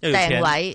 定位。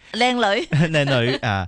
靚女，靚女，啊！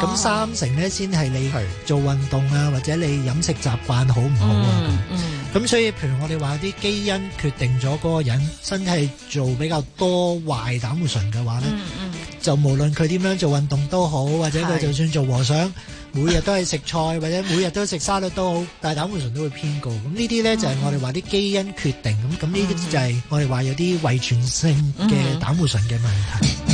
咁三成咧，先係你去做運動啊，或者你飲食習慣好唔好啊？咁、嗯嗯、所以譬如我哋話啲基因決定咗嗰個人身體做比較多壞膽固醇嘅話咧，嗯嗯、就無論佢點樣做運動都好，或者佢就算做和尚，是每日都係食菜或者每日都食沙律都好，但係膽固醇都會偏高。咁呢啲咧、嗯、就係我哋話啲基因決定咁，咁呢啲就係我哋話有啲遺傳性嘅膽固醇嘅問題。嗯嗯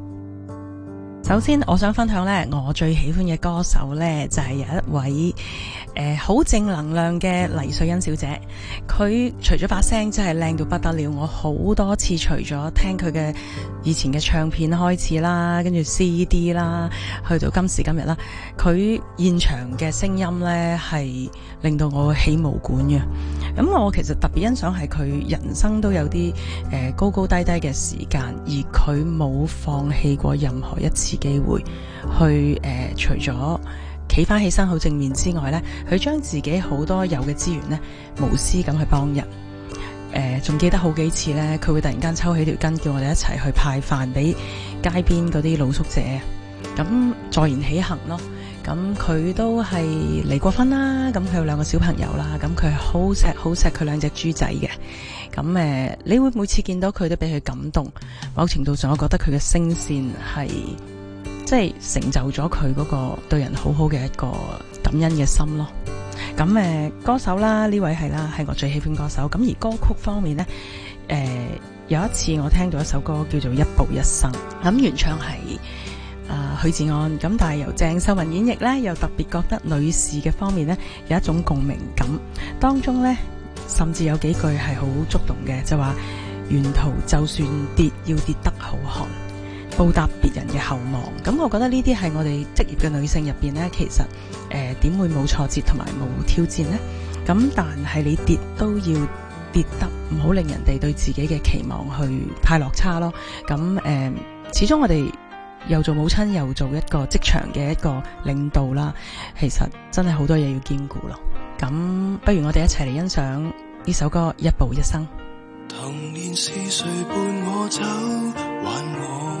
首先，我想分享咧，我最喜歡嘅歌手咧，就係、是、有一位誒好、呃、正能量嘅黎瑞恩小姐。佢除咗把聲真係靚到不得了，我好多次除咗聽佢嘅以前嘅唱片開始啦，跟住 CD 啦，去到今時今日啦，佢現場嘅聲音咧係令到我起毛管嘅。咁、嗯、我其實特別欣賞係佢人生都有啲誒、呃、高高低低嘅時間，而佢冇放棄過任何一次。機會去、呃、除咗企翻起身好正面之外呢，佢將自己好多有嘅資源呢，無私咁去幫人。誒、呃，仲記得好幾次呢，佢會突然間抽起條筋，叫我哋一齊去派飯俾街邊嗰啲露宿者。咁坐言起行咯。咁佢都係離過婚啦，咁佢有兩個小朋友啦，咁佢好錫好錫佢兩隻豬仔嘅。咁、呃、你會每次見到佢都俾佢感動。某程度上，我覺得佢嘅聲線係。即係成就咗佢嗰個對人好好嘅一個感恩嘅心咯。咁、嗯、誒，歌手啦，呢位係啦，係我最喜歡歌手。咁而歌曲方面呢，誒、呃，有一次我聽到一首歌叫做《一步一生》，咁、嗯、原唱係啊許志安，咁但係由鄭秀文演繹呢，又特別覺得女士嘅方面呢，有一種共鳴感。當中呢，甚至有幾句係好觸動嘅，就話「沿途就算跌，要跌得好寒。」到達別人嘅厚望，咁我覺得呢啲係我哋職業嘅女性入邊呢，其實誒點、呃、會冇挫折同埋冇挑戰呢？咁但係你跌都要跌得唔好令人哋對自己嘅期望去太落差咯。咁誒、呃，始終我哋又做母親又做一個職場嘅一個領導啦，其實真係好多嘢要兼顧咯。咁不如我哋一齊嚟欣賞呢首歌《一步一生》。童年》。是誰伴我走還我。走？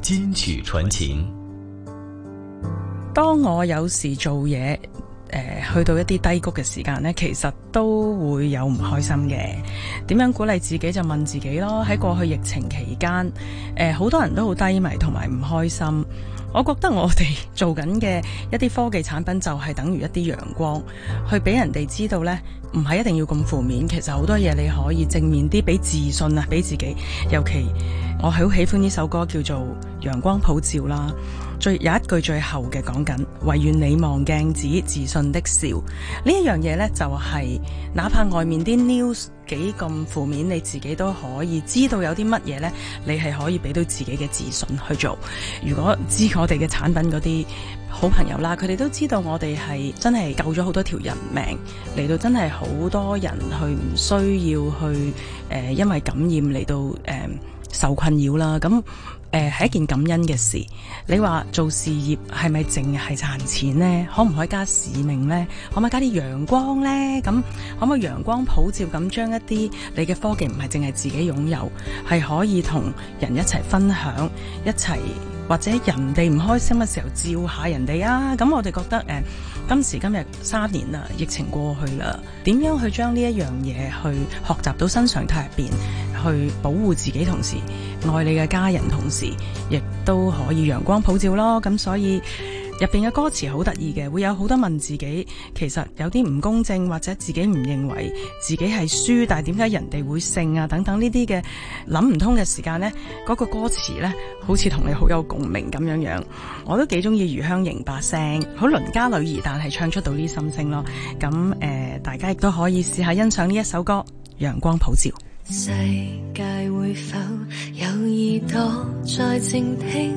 金曲傳情，當我有時做嘢，誒、呃，去到一啲低谷嘅時間呢，其實都會有唔開心嘅。點樣鼓勵自己就問自己咯。喺過去疫情期間，誒、呃，好多人都好低迷同埋唔開心。我覺得我哋做緊嘅一啲科技產品，就係等於一啲陽光，去俾人哋知道呢，唔係一定要咁負面。其實好多嘢你可以正面啲，俾自信啊，俾自己。尤其我好喜歡呢首歌，叫做《陽光普照》啦。最有一句最後嘅講緊，唯願你望鏡子自信的笑。呢一樣嘢呢、就是，就係哪怕外面啲 news 幾咁負面，你自己都可以知道有啲乜嘢呢，你係可以俾到自己嘅自信去做。如果知我哋嘅產品嗰啲好朋友啦，佢哋都知道我哋係真係救咗好多條人命，嚟到真係好多人去唔需要去誒、呃，因為感染嚟到誒、呃、受困擾啦，咁。誒，係一件感恩嘅事。你話做事業係咪淨係賺錢呢？可唔可以加使命呢？可唔可以加啲陽光呢？咁可唔可以陽光普照咁，將一啲你嘅科技唔係淨係自己擁有，係可以同人一齊分享，一齊或者人哋唔開心嘅時候照下人哋啊！咁我哋覺得誒。呃今時今日三年啦，疫情過去啦，點樣去將呢一樣嘢去學習到新常態入邊，去保護自己，同時愛你嘅家人，同時亦都可以陽光普照咯。咁所以。入邊嘅歌詞好得意嘅，會有好多問自己，其實有啲唔公正或者自己唔認為自己係輸，但係點解人哋會勝啊？等等呢啲嘅諗唔通嘅時間咧，嗰個歌詞咧，好似同你好有共鳴咁樣樣。我都幾中意余香瑩把聲，好鄰家女兒，但係唱出到呢心聲咯。咁誒、呃，大家亦都可以試下欣賞呢一首歌《陽光普照》。世界會否有耳朵在靜聽？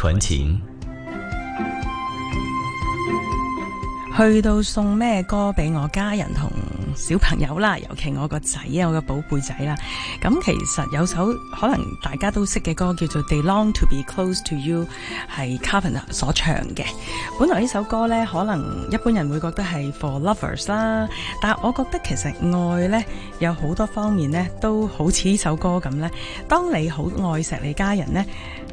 傳情去到送咩歌俾我家人同？小朋友啦，尤其我個仔啊，我個寶貝仔啦。咁其實有首可能大家都識嘅歌叫做《They Long To Be Close To You》，係 Carpenter 所唱嘅。本來呢首歌呢，可能一般人會覺得係 For Lovers 啦，但我覺得其實愛呢，有好多方面呢，都好似呢首歌咁呢。當你好愛錫你家人呢，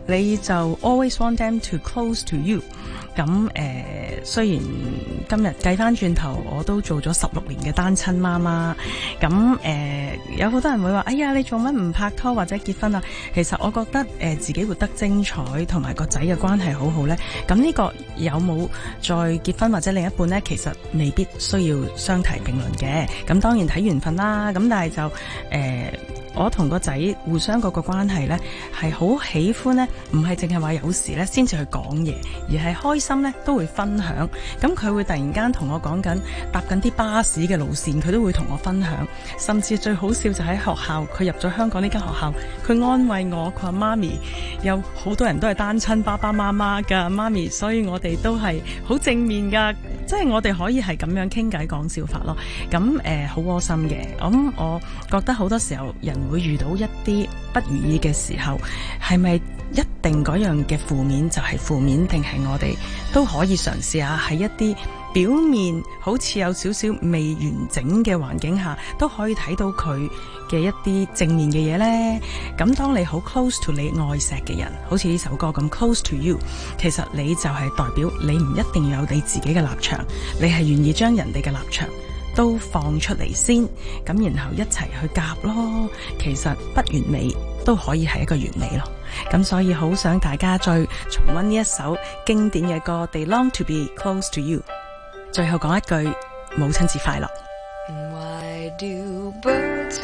你就 Always Want Them To Close To You。咁、呃、雖然今日計翻轉頭，我都做咗十六年嘅單親媽媽。咁、呃、有好多人會話：哎呀，你做乜唔拍拖或者結婚啊？其實我覺得、呃、自己活得精彩，同埋個仔嘅關係好好呢。咁呢個有冇再結婚或者另一半呢？其實未必需要相提並論嘅。咁當然睇緣分啦。咁但係就、呃我同個仔互相嗰個關係呢，係好喜歡呢，唔係淨係話有時呢先至去講嘢，而係開心呢都會分享。咁佢會突然間同我講緊搭緊啲巴士嘅路線，佢都會同我分享。甚至最好笑就喺學校，佢入咗香港呢間學校，佢安慰我，佢話媽咪有好多人都係單親爸爸媽媽㗎，媽咪，所以我哋都係好正面㗎，即係我哋可以係咁樣傾偈講笑法咯。咁誒，好窩心嘅。咁我覺得好多時候人，會遇到一啲不如意嘅時候，係咪一定嗰樣嘅負面就係負面，定係我哋都可以嘗試下喺一啲表面好似有少少未完整嘅環境下，都可以睇到佢嘅一啲正面嘅嘢呢。咁當你好 close to 你愛錫嘅人，好似呢首歌咁 close to you，其實你就係代表你唔一定有你自己嘅立場，你係願意將人哋嘅立場。都放出嚟先，咁然後一齊去夾咯。其實不完美都可以係一個完美咯。咁所以好想大家再重溫呢一首經典嘅歌《They Long to Be Close to You》。最後講一句，母親節快樂。Why do birds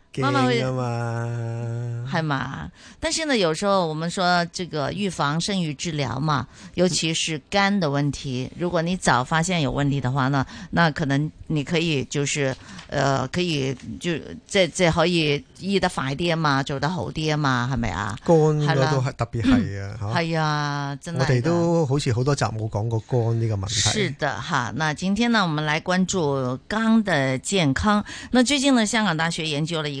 病啊嘛，係嘛、啊？但是呢，有時候我們說這個預防勝於治療嘛，尤其是肝的問題。如果你早發現有問題的話呢，那可能你可以就是，呃，可以就這這可以醫得快啲啊嘛，做得好啲啊嘛，係咪啊？肝係都係特別係啊，係啊，真係。我哋都好似好多集冇講過肝呢個問題。是的哈，那今天呢，我們來關注肝的健康。那最近呢，香港大學研究了一。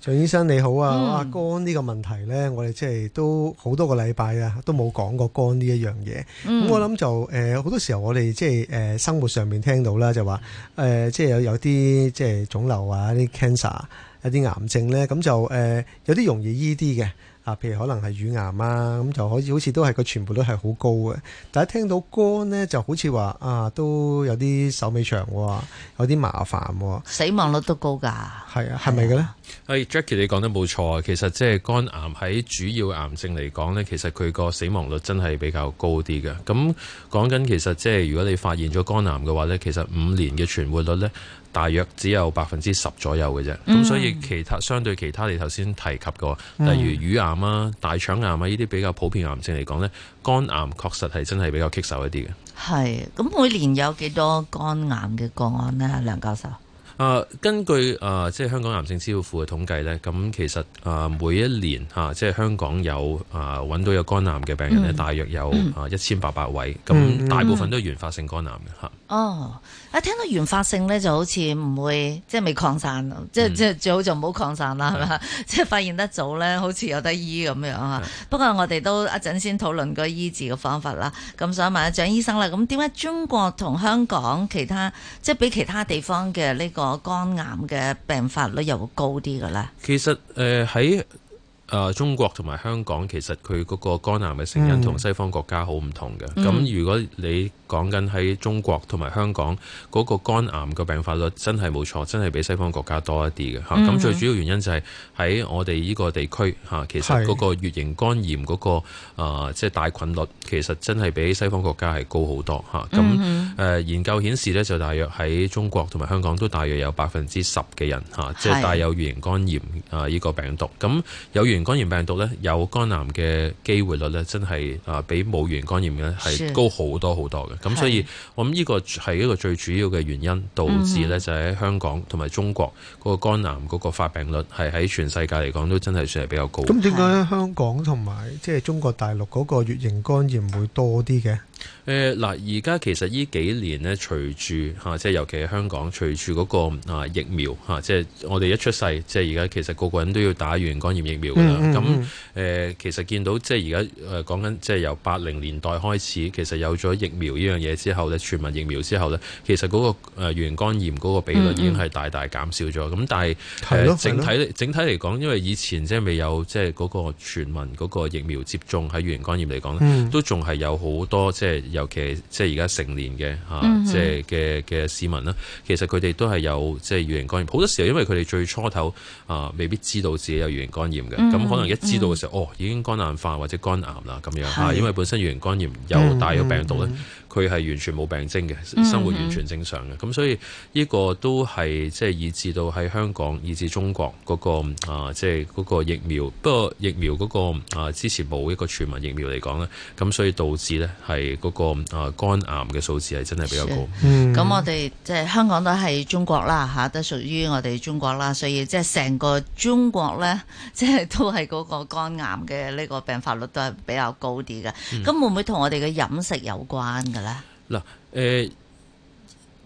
蔣醫生你好啊，肝呢、嗯啊、個問題咧，我哋即係都好多個禮拜啊，都冇講過肝呢一樣嘢。咁我諗就誒，好、呃、多時候我哋即係誒、呃、生活上面聽到啦，就話誒、呃，即係有有啲即係腫瘤啊，啲 cancer，一啲癌症咧，咁、啊嗯、就誒、呃、有啲容易醫啲嘅。譬如可能係乳癌啊，咁就好似好似都係個存活率係好高嘅。但係聽到肝呢，就好似話啊，都有啲手尾長喎，有啲麻煩喎，死亡率都高噶，係啊，係咪嘅咧？係、hey, Jackie，你講得冇錯啊。其實即係肝癌喺主要癌症嚟講呢，其實佢個死亡率真係比較高啲嘅。咁講緊其實即係如果你發現咗肝癌嘅話呢，其實五年嘅存活率呢，大約只有百分之十左右嘅啫，咁、嗯、所以其他相對其他你頭先提及過，例如乳癌啊、大腸癌啊呢啲比較普遍癌症嚟講呢，肝癌確實係真係比較棘手一啲嘅。係，咁每年有幾多肝癌嘅個案呢？梁教授？啊，根據啊，即係香港癌症資料庫嘅統計呢，咁、啊、其實啊，每一年啊，即係香港有啊揾到有肝癌嘅病人呢、嗯、大約有啊一千八百位，咁大部分都係原發性肝癌嘅嚇、嗯嗯。哦。啊，聽到原發性咧就好似唔會，即係未擴散，即係即係最好就唔好擴散啦，係咪吧吧即係發現得早咧，好似有得醫咁樣嚇。吧不過我哋都一陣先討論個醫治嘅方法啦。咁想問下蔣醫生啦，咁點解中國同香港其他，即係比其他地方嘅呢個肝癌嘅病發率又會高啲嘅咧？其實誒喺。呃誒、呃、中國同埋香港其實佢嗰個肝癌嘅成因同西方國家好唔同嘅。咁、嗯、如果你講緊喺中國同埋香港嗰、那個肝癌嘅病發率真的沒錯，真係冇錯，真係比西方國家多一啲嘅嚇。咁、嗯、最主要原因就係喺我哋呢個地區嚇，其實嗰個乙型肝炎嗰、那個啊，即係帶菌率其實真係比西方國家係高好多嚇。咁誒、嗯呃、研究顯示呢，就大約喺中國同埋香港都大約有百分之十嘅人嚇，即係帶有乙型肝炎啊呢個病毒。咁是有原肝炎病毒咧有肝癌嘅機會率咧，真係啊比冇乙肝炎嘅係高好多好多嘅。咁的所以，的我諗呢個係一個最主要嘅原因，導致咧、嗯、哼就喺香港同埋中國嗰個肝癌嗰個發病率，係喺全世界嚟講都真係算係比較高。咁點解香港同埋即係中國大陸嗰個乙型肝炎會多啲嘅？誒嗱，而家、呃、其實呢幾年咧，隨住吓，即、啊、係尤其係香港，隨住嗰個啊疫苗吓、啊，即係我哋一出世，即係而家其實個個人都要打原肝炎疫苗噶啦。咁誒、嗯，嗯呃、其實見到即係而家誒講緊，即係、呃、由八零年代開始，其實有咗疫苗呢樣嘢之後咧，全民疫苗之後咧，其實嗰、那個誒原肝炎嗰個比率已經係大大減少咗。咁、嗯、但係整體整體嚟講，因為以前即係未有即係嗰個全民嗰個疫苗接種，喺原肝炎嚟講都仲係有好多即尤其即係而家成年嘅吓，即係嘅嘅市民啦，嗯、哼其實佢哋都係有即係乙型肝炎，好多時候因為佢哋最初頭啊未必知道自己有乙型肝炎嘅，咁、嗯嗯、可能一知道嘅時候，哦已經肝硬化或者肝癌啦咁樣吓，是因為本身乙型肝炎有帶有病毒咧，佢係、嗯嗯嗯、完全冇病徵嘅，生活完全正常嘅，咁、嗯嗯嗯、所以呢個都係即係以至到喺香港、以至中國嗰個啊，即係嗰個疫苗，不過疫苗嗰個啊之前冇一個全民疫苗嚟講咧，咁所以導致咧係。嗰、那個啊、呃、肝癌嘅數字係真係比較高、嗯嗯，咁我哋即係香港都係中國啦嚇、啊，都屬於我哋中國啦，所以即係成個中國咧，即、就、係、是、都係嗰個肝癌嘅呢、這個病發率都係比較高啲嘅。咁、嗯、會唔會同我哋嘅飲食有關嘅咧？嗱、嗯，誒、呃，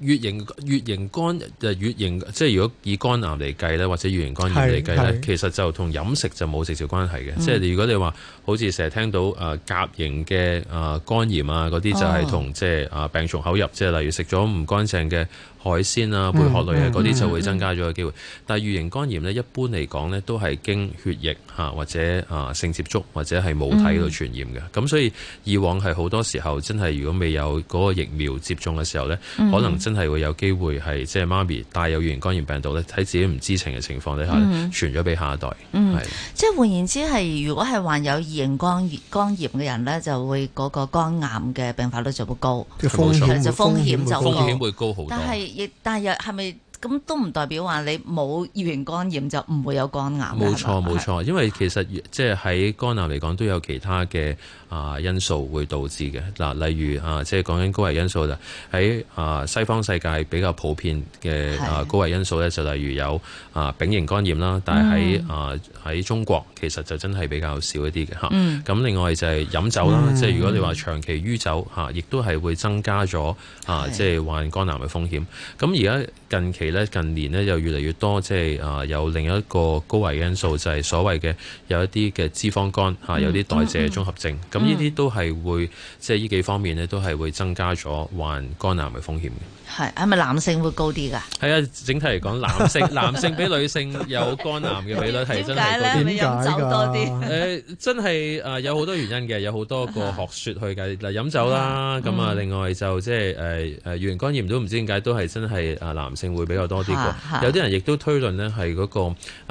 乙型乙型肝就乙型，即係如果以肝癌嚟計咧，或者乙型肝炎嚟計咧，其實就同飲食就冇直接關係嘅。嗯、即係如果你話。好似成日聽到誒、啊、甲型嘅誒、啊、肝炎啊，嗰啲就係同即係誒病從口入，即係例如食咗唔乾淨嘅海鮮啊、貝殼類啊嗰啲，mm hmm. 就會增加咗嘅機會。Mm hmm. 但係乙型肝炎呢，一般嚟講呢，都係經血液、啊、或者啊性接觸或者係母體度傳染嘅。咁、mm hmm. 所以以往係好多時候真係如果未有嗰個疫苗接種嘅時候呢，mm hmm. 可能真係會有機會係即係媽咪帶有乙型肝炎病毒呢，喺自己唔知情嘅情況底下呢、mm hmm. 傳咗俾下一代。嗯、mm，hmm. 係即係換言之係，如果係患有。型光肝炎嘅人咧，就會嗰個肝癌嘅病發率就會高，風險就風險就，風險會高好多。但係亦但係係咪？咁都唔代表話你冇乙型肝炎就唔會有肝癌。冇錯冇吧錯，因為其實即係喺肝癌嚟講，都有其他嘅啊因素會導致嘅嗱，例如啊，即係講緊高危因素就喺啊西方世界比較普遍嘅啊高危因素咧，是就例如有啊丙型肝炎啦，但係喺、嗯、啊喺中國其實就真係比較少一啲嘅嚇。咁、嗯啊、另外就係飲酒啦，即係如果你話長期酗酒嚇，亦、啊、都係會增加咗是啊即係、就係、患肝癌嘅風險。咁而家近期，近年咧又越嚟越多，即係啊有另一個高危因素，就係、是、所謂嘅有一啲嘅脂肪肝嚇，嗯、有啲代謝綜合症，咁呢啲都係會即係呢幾方面咧，都係會增加咗患肝癌嘅風險嘅。係係咪男性會高啲噶？係啊，整體嚟講，男性男性比女性有肝癌嘅比率係真係高啲。點解咧？咪飲酒多啲？誒，真係誒，有好多原因嘅，有好多個學說去計。嗱，飲酒啦，咁啊，另外就即係誒誒，肝炎都唔知點解都係真係誒，男性會比較多啲噶。有啲人亦都推論呢，係嗰個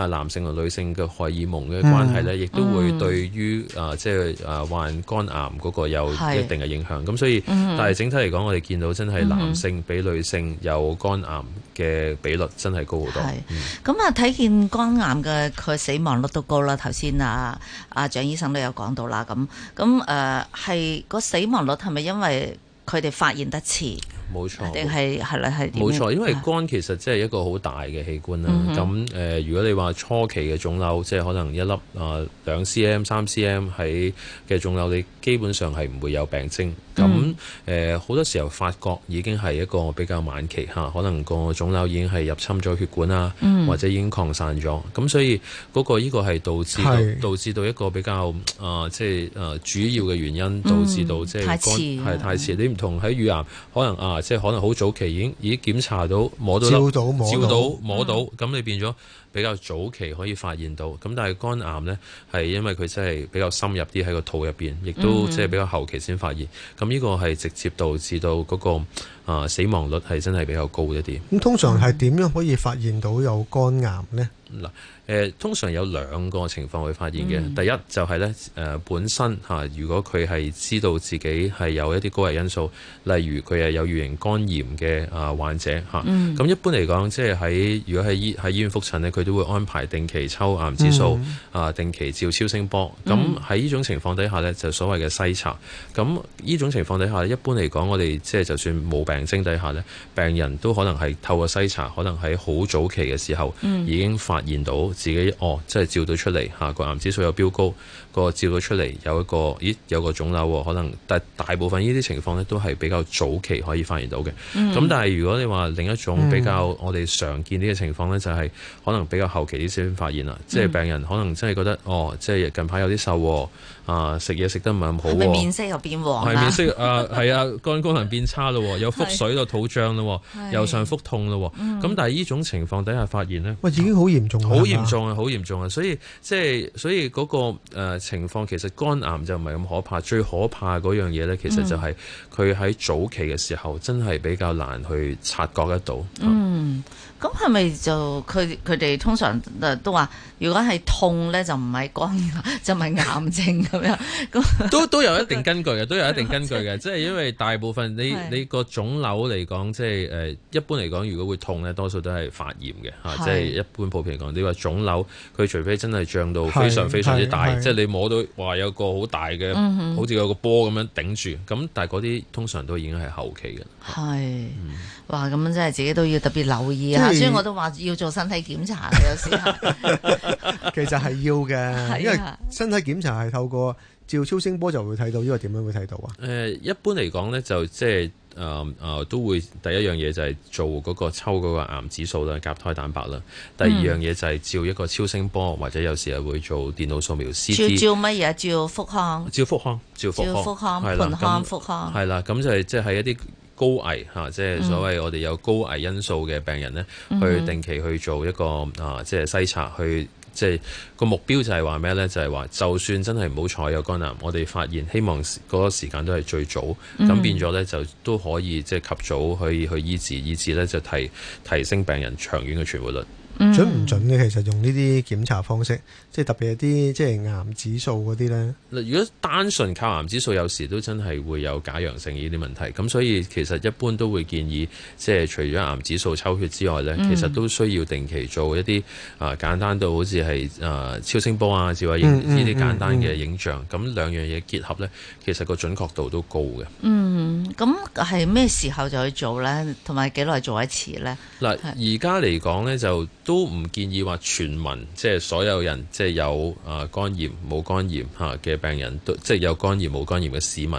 誒男性同女性嘅荷爾蒙嘅關係呢，亦都會對於誒即係誒患肝癌嗰個有一定嘅影響。咁所以，但係整體嚟講，我哋見到真係男性比女女性有肝癌嘅比率真係高好多，嗯，係咁啊！睇見肝癌嘅佢死亡率都高啦，頭先啊阿蔣、啊、醫生都有講到啦，咁咁誒，係個、呃、死亡率係咪因為佢哋發現得遲？冇錯，定係係啦，係冇錯，因為肝其實即係一個好大嘅器官啦。咁、嗯哼呃、如果你話初期嘅腫瘤，即、就、係、是、可能一粒啊兩 cm、三 cm 喺嘅腫瘤，你基本上係唔會有病徵。咁好、呃、多時候發覺已經係一個比較晚期，可能個腫瘤已經係入侵咗血管啦，嗯、或者已經擴散咗。咁所以嗰個呢個係導致到是導致到一個比較即係、呃就是呃、主要嘅原因導致到即係肝係太，太遲。你唔同喺乳癌，可能啊。即係可能好早期已經已經檢查到摸到，照到摸到，咁你變咗比較早期可以發現到。咁但係肝癌呢，係因為佢真係比較深入啲喺個肚入邊，亦都即係比較後期先發現。咁呢、嗯、個係直接導致到嗰個啊死亡率係真係比較高一啲。咁、嗯、通常係點樣可以發現到有肝癌呢？嗱、嗯。誒通常有兩個情況會發現嘅，嗯、第一就係咧誒本身嚇、啊，如果佢係知道自己係有一啲高危因素，例如佢係有乙型肝炎嘅啊患者嚇，咁、啊嗯、一般嚟講，即係喺如果喺醫喺醫院覆診咧，佢都會安排定期抽癌指數、嗯、啊，定期照超聲波。咁喺呢種情況底下呢，就所謂嘅篩查。咁呢種情況底下，一般嚟講，我哋即係就算冇病徵底下呢，病人都可能係透過篩查，可能喺好早期嘅時候、嗯、已經發現到。自己哦，即係照到出嚟吓，下個癌指數有飆高。個照到出嚟有一個，咦有個腫瘤喎？可能，但大部分呢啲情況呢，都係比較早期可以發現到嘅。咁、嗯、但係如果你話另一種比較我哋常見啲嘅情況呢，嗯、就係可能比較後期啲先發現啦。嗯、即係病人可能真係覺得哦，即係近排有啲瘦啊，食嘢食得唔係咁好喎。係咪面色又變黃喎？係面色、呃、啊，係啊，肝功能變差咯，有腹水到肚脹咯，右是上腹痛咯。咁、嗯、但係呢種情況底下發現呢，喂已經好嚴重好嚴重啊，好嚴重啊！所以即係所以嗰、那個、呃情況其實肝癌就唔係咁可怕，最可怕嗰樣嘢呢，其實就係佢喺早期嘅時候真係比較難去察覺得到。嗯。咁係咪就佢佢哋通常都都話，如果係痛咧，就唔係肝炎，就唔係癌症咁樣。咁 那都都有一定根據嘅，都有一定根據嘅。即係、 就是、因為大部分你是你個腫瘤嚟講，即、就、係、是、一般嚟講，如果會痛咧，多數都係發炎嘅嚇。即係一般普遍嚟講，你話腫瘤佢除非真係脹到非常非常之大，即係你摸到話有個好大嘅，好似有個波咁樣頂住。咁但嗰啲通常都已經係後期嘅。係是，嗯、哇！咁樣即係自己都要特別留意啊。所以我都話要做身體檢查嘅有時， 其實係要嘅。啊、因為身體檢查係透過照超聲波就會睇到，因為點樣會睇到啊？誒、呃，一般嚟講咧，就即係誒誒，都會第一樣嘢就係做嗰個抽嗰個癌指數啦、甲胎蛋白啦。第二樣嘢就係照一個超聲波，或者有時係會做電腦掃描 CD，照。照照乜嘢？照腹腔？照腹腔？照腹腔？照腹腔？盆腔？腹腔？係啦，咁就係即係一啲，高危嚇，即係所謂我哋有高危因素嘅病人呢、嗯、去定期去做一個啊，即係篩查，去即係個目標就係話咩呢？就係、是、話，就算真係唔好彩有肝癌，我哋發現希望嗰、那個時間都係最早，咁、嗯、變咗呢，就都可以即係及早去去醫治，醫治呢就提提升病人長遠嘅存活率。嗯、準唔準嘅？其實用呢啲檢查方式，別，即係特別係啲即係癌指數嗰啲呢。嗱，如果單純靠癌指數，有時都真係會有假陽性呢啲問題。咁所以其實一般都會建議，即係除咗癌指數抽血之外呢，嗯、其實都需要定期做一啲啊、呃、簡單到好似係啊超聲波啊，或者影呢啲、嗯嗯嗯、簡單嘅影像。咁兩、嗯嗯、樣嘢結合呢，其實個準確度都高嘅。嗯，咁係咩時候就去做呢？同埋幾耐做一次呢？嗱，而家嚟講呢，就。都唔建議話全民，即係所有人，即係有啊肝炎、冇肝炎嘅病人，都即係有肝炎、冇肝炎嘅市民，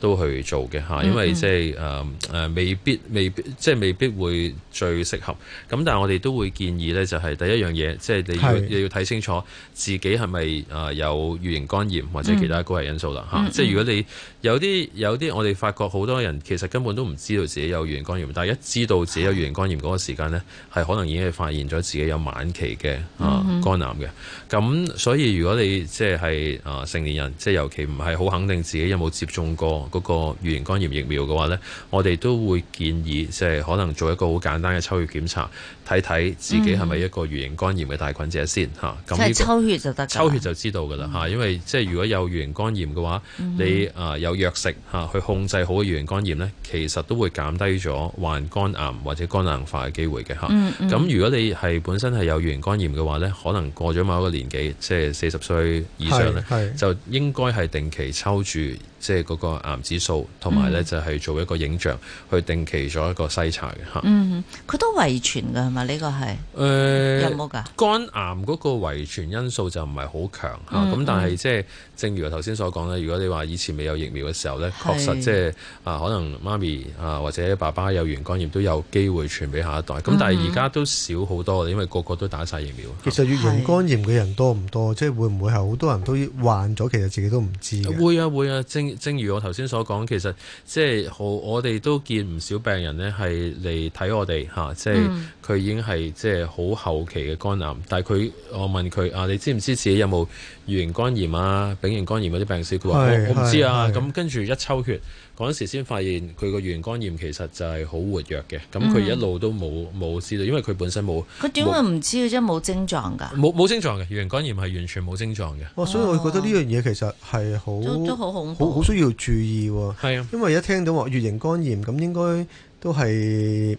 都去做嘅吓，因為即係誒誒未必未必，即係未必會最適合。咁但係我哋都會建議咧，就係、是、第一樣嘢，即係你要你是要睇清楚自己係咪誒有乙型肝炎或者其他高危因素啦吓，嗯、即係如果你有啲有啲，我哋發覺好多人其實根本都唔知道自己有乙型肝炎，但係一知道自己有乙型肝炎嗰個時間咧，係、嗯、可能已經係發現咗自己有晚期嘅啊肝癌嘅。咁所以如果你即係啊成年人，即係、呃、尤其唔係好肯定自己有冇接種過。嗰個乙型肝炎疫苗嘅話咧，我哋都會建議，即係可能做一個好簡單嘅抽血檢查。睇睇自己係咪一個乙型肝炎嘅帶菌者先嚇，咁、嗯這個、抽血就得，抽血就知道㗎啦嚇。嗯、因為即係如果有乙型肝炎嘅話，嗯、你啊、呃、有藥食嚇去控制好乙型肝炎咧，其實都會減低咗患肝癌或者肝硬化嘅機會嘅嚇。咁、嗯嗯、如果你係本身係有乙型肝炎嘅話咧，可能過咗某一個年紀，即係四十歲以上咧，就應該係定期抽住即係嗰個癌指數，同埋咧就係做一個影像去定期做一個篩查嘅嚇。佢、嗯、都遺傳㗎。啊！呢個係有冇㗎？肝癌嗰個遺傳因素就唔係好強嚇，咁但係即係正如我頭先所講咧，如果你話以前未有疫苗嘅時候咧，確實即係啊，可能媽咪啊或者爸爸有原肝炎都有機會傳俾下一代。咁但係而家都少好多，因為個個都打晒疫苗。其實乙肝炎嘅人多唔多？即係會唔會係好多人都患咗？其實自己都唔知。會啊會啊！正正如我頭先所講，其實即係好，我哋都見唔少病人咧，係嚟睇我哋嚇，即係佢。已經係即係好後期嘅肝癌，但係佢我問佢啊，你知唔知自己有冇乙型肝炎啊、丙型肝炎嗰啲病史？佢話是我唔知啊。咁跟住一抽血嗰陣時，先發現佢個乙型肝炎其實就係好活躍嘅。咁佢、嗯、一路都冇冇知道，因為佢本身冇。佢點會唔知嘅啫？冇症狀㗎？冇冇症狀嘅乙型肝炎係完全冇症狀嘅。所以我覺得呢樣嘢其實係好、哦、都好恐怖好好，好需要注意喎。啊，的因為一聽到乙型肝炎咁，應該都係。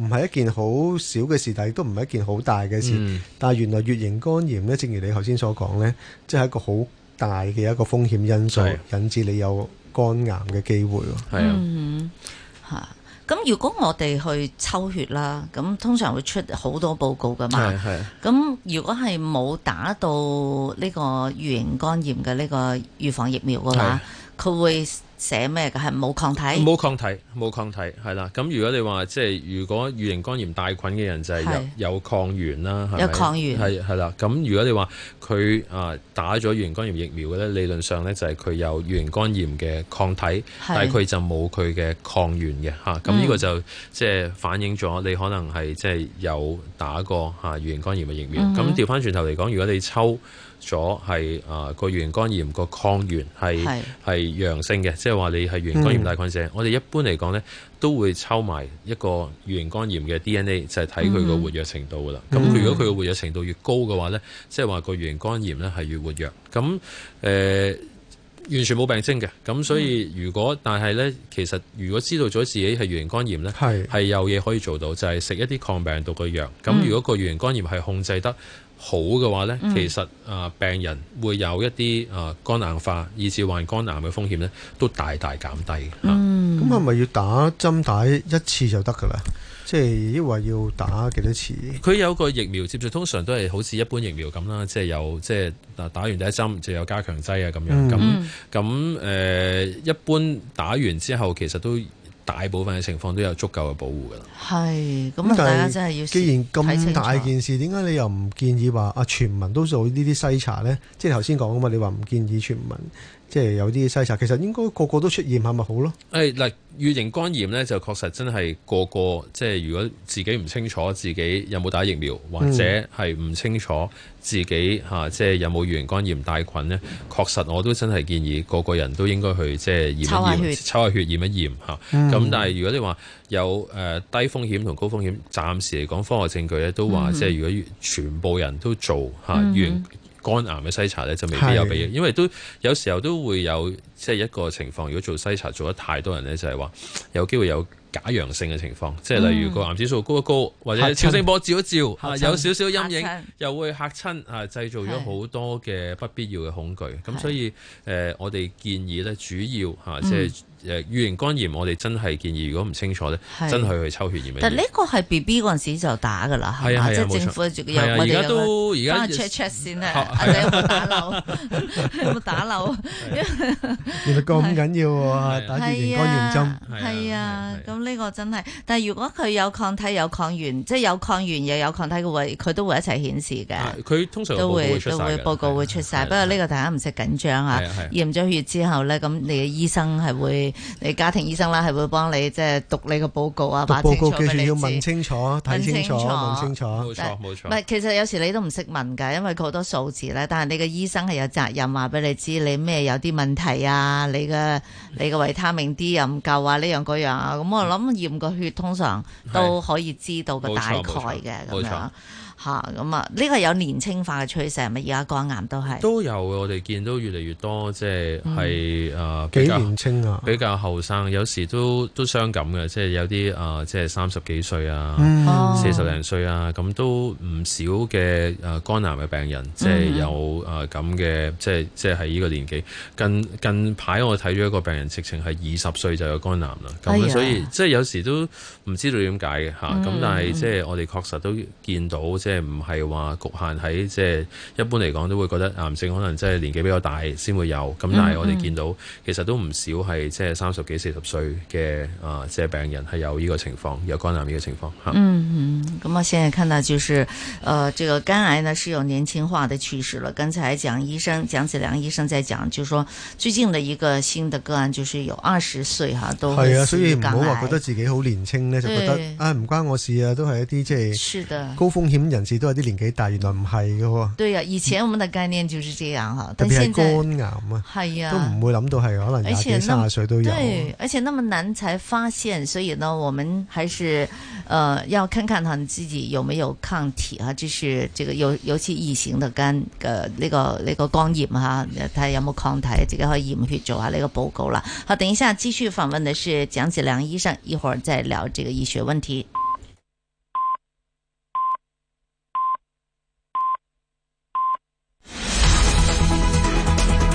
唔係一件好小嘅事，但亦都唔係一件好大嘅事。嗯、但係原來乙型肝炎咧，正如你頭先所講咧，即係一個好大嘅一個風險因素，的引致你有肝癌嘅機會喎。啊的，嚇、嗯！咁如果我哋去抽血啦，咁通常會出好多報告噶嘛。係係。咁如果係冇打到呢個乙型肝炎嘅呢個預防疫苗嘅話，佢的會？寫咩嘅係冇抗體，冇抗體冇抗體係啦。咁如果你話即係如果乙型肝炎帶菌嘅人就係有抗原啦，有抗原係係啦。咁如果你話佢啊打咗乙型肝炎疫苗嘅咧，理論上咧就係佢有乙型肝炎嘅抗體，係嘅但係佢就冇佢嘅抗原嘅嚇。咁呢的個就即係反映咗你可能係即係有打過嚇乙型肝炎嘅疫苗。咁調翻轉頭嚟講，如果你抽咗係啊個乙型肝炎個抗原係係陽性嘅，係嘅係即係話你係乙型肝炎帶菌者，嗯、我哋一般嚟講呢，都會抽埋一個乙型肝炎嘅 DNA，就係睇佢個活躍程度噶啦。咁、嗯、如果佢個活躍程度越高嘅話呢，即係話個乙型肝炎呢係越活躍。咁誒、呃、完全冇病徵嘅。咁所以如果、嗯、但係呢，其實如果知道咗自己係乙型肝炎呢，係是有嘢可以做到，就係、是、食一啲抗病毒嘅藥。咁如果個乙型肝炎係控制得好嘅話呢，其實啊，病人會有一啲啊肝硬化，以致患肝癌嘅風險都大大減低。嗯，咁係咪要打針打一次就得噶啦？即係抑或要打幾多次？佢有個疫苗接觸，通常都係好似一般疫苗咁啦，即係有即係打打完第一針，就有加強劑啊，咁樣咁咁、嗯呃、一般打完之後，其實都。大部分嘅情況都有足夠嘅保護㗎喇，係，咁大家真係要小心。既然咁大件事，點解你又唔建議話啊全民都做呢啲篩查呢？即係頭先講咁嘛，你話唔建議全民。即係有啲嘅篩查，其實應該個個都出現係咪好咯。誒嗱、哎，乙型肝炎咧就確實真係個個，即係如果自己唔清楚自己有冇打疫苗，嗯、或者係唔清楚自己嚇、啊、即係有冇乙型肝炎帶菌呢，確實我都真係建議個個人都應該去即係驗一驗，抽，血抽下血驗一驗嚇。咁、啊嗯、但係如果你話有誒低風險同高風險，暫時嚟講，科學證據咧都話即係如果全部人都做嚇、啊嗯肝癌嘅篩查咧就未必有俾，因為都有時候都會有即係一個情況。如果做篩查做得太多人咧，就係、是、話有機會有假陽性嘅情況，即係例如個癌指數高一高，或者超聲波照一照、嗯啊，有少少陰影，親又會嚇親，啊製造咗好多嘅不必要嘅恐懼。咁是所以誒、呃，我哋建議咧，主要吓、啊、即係。嗯誒，乙型肝炎，我哋真係建議，如果唔清楚咧，真係去抽血。但呢個係 B B 嗰陣時就打㗎啦，係嘛？即係政府有冇嘢？而家都而家 check check 先啊！我哋有冇打漏？有冇打漏？原來咁緊要喎！打乙型肝炎針，係啊，咁呢個真係。但係如果佢有抗體有抗原，即係有抗原又有抗體嘅話，佢都會一齊顯示嘅。佢通常都會都會報告會出曬。不過呢個大家唔使緊張嚇。驗咗血之後咧，咁你嘅醫生係會你家庭醫生啦，係會幫你即係讀你個報告啊，把報告記住要問清楚、睇清楚、問清楚。冇錯冇錯。唔係，其實有時你都唔識問㗎，因為佢好多數字咧。但係你嘅醫生係有責任話俾你知，你咩有啲問題啊？你嘅你嘅維他命 D 又唔夠啊？呢樣嗰樣啊？咁我諗驗個血通常都可以知道個大概嘅咁樣。吓咁啊！呢、嗯這個有年青化嘅趨勢，係咪而家肝癌都係都有？我哋見到越嚟越多，即係係誒，幾較年青啊！比較後生，有時都都傷感嘅，即係有啲誒、呃，即係三十幾歲啊，四十零歲啊，咁、哦、都唔少嘅誒肝癌嘅病人，嗯、即係有誒咁嘅，嗯、即係即係喺呢個年紀。近近排我睇咗一個病人，直情係二十歲就有肝癌啦，咁、哎、呀所以即係有時都唔知道點解嘅吓。咁、嗯、但係即係我哋確實都見到即係唔係話局限喺即係一般嚟講都會覺得癌症可能即係年紀比較大先會有咁，但係我哋見到其實都唔少係即係三十幾、四十歲嘅啊，即係病人係有呢個情況，有肝癌呢個情況吓、嗯。嗯、咁、嗯、我先係看到就是，誒、呃，這個肝癌呢，是有年輕化的趨勢啦。剛才蔣醫生，蔣子樑醫生在講，就說、是、最近的一個新的個案，就是有二十歲哈都係啊，所以唔好話覺得自己好年輕呢，就覺得啊唔關我事啊，都係一啲即係高風險人。都有啲年紀大，原來唔係噶喎。對啊，以前我們的概念就是這樣吓，嗯、但特別係肝癌啊，係啊，都唔會諗到係且可能廿幾三十歲都有。對，而且那麼難才發現，所以呢，我們還是，呃，要看看你自己有沒有抗體啊。就是這個尤其異型嘅肝呢個呢個肝炎吓，睇有冇抗體，自己這個可以驗血做下、啊、呢、這個報告啦。好，等一下繼續訪問的是蔣子樑醫生，一會兒再聊這個醫學問題。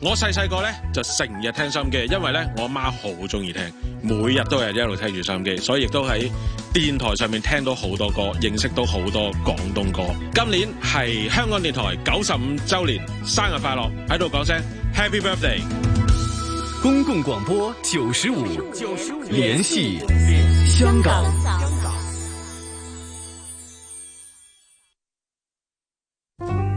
我細細個咧就成日聽收音機，因為咧我媽好中意聽，每日都係一路聽住收音機，所以亦都喺電台上面聽到好多歌，認識到好多廣東歌。今年係香港電台九十五周年生日快樂，喺度講聲 Happy Birthday！公共廣播九十五，九十五，聯繫年香港。香港香港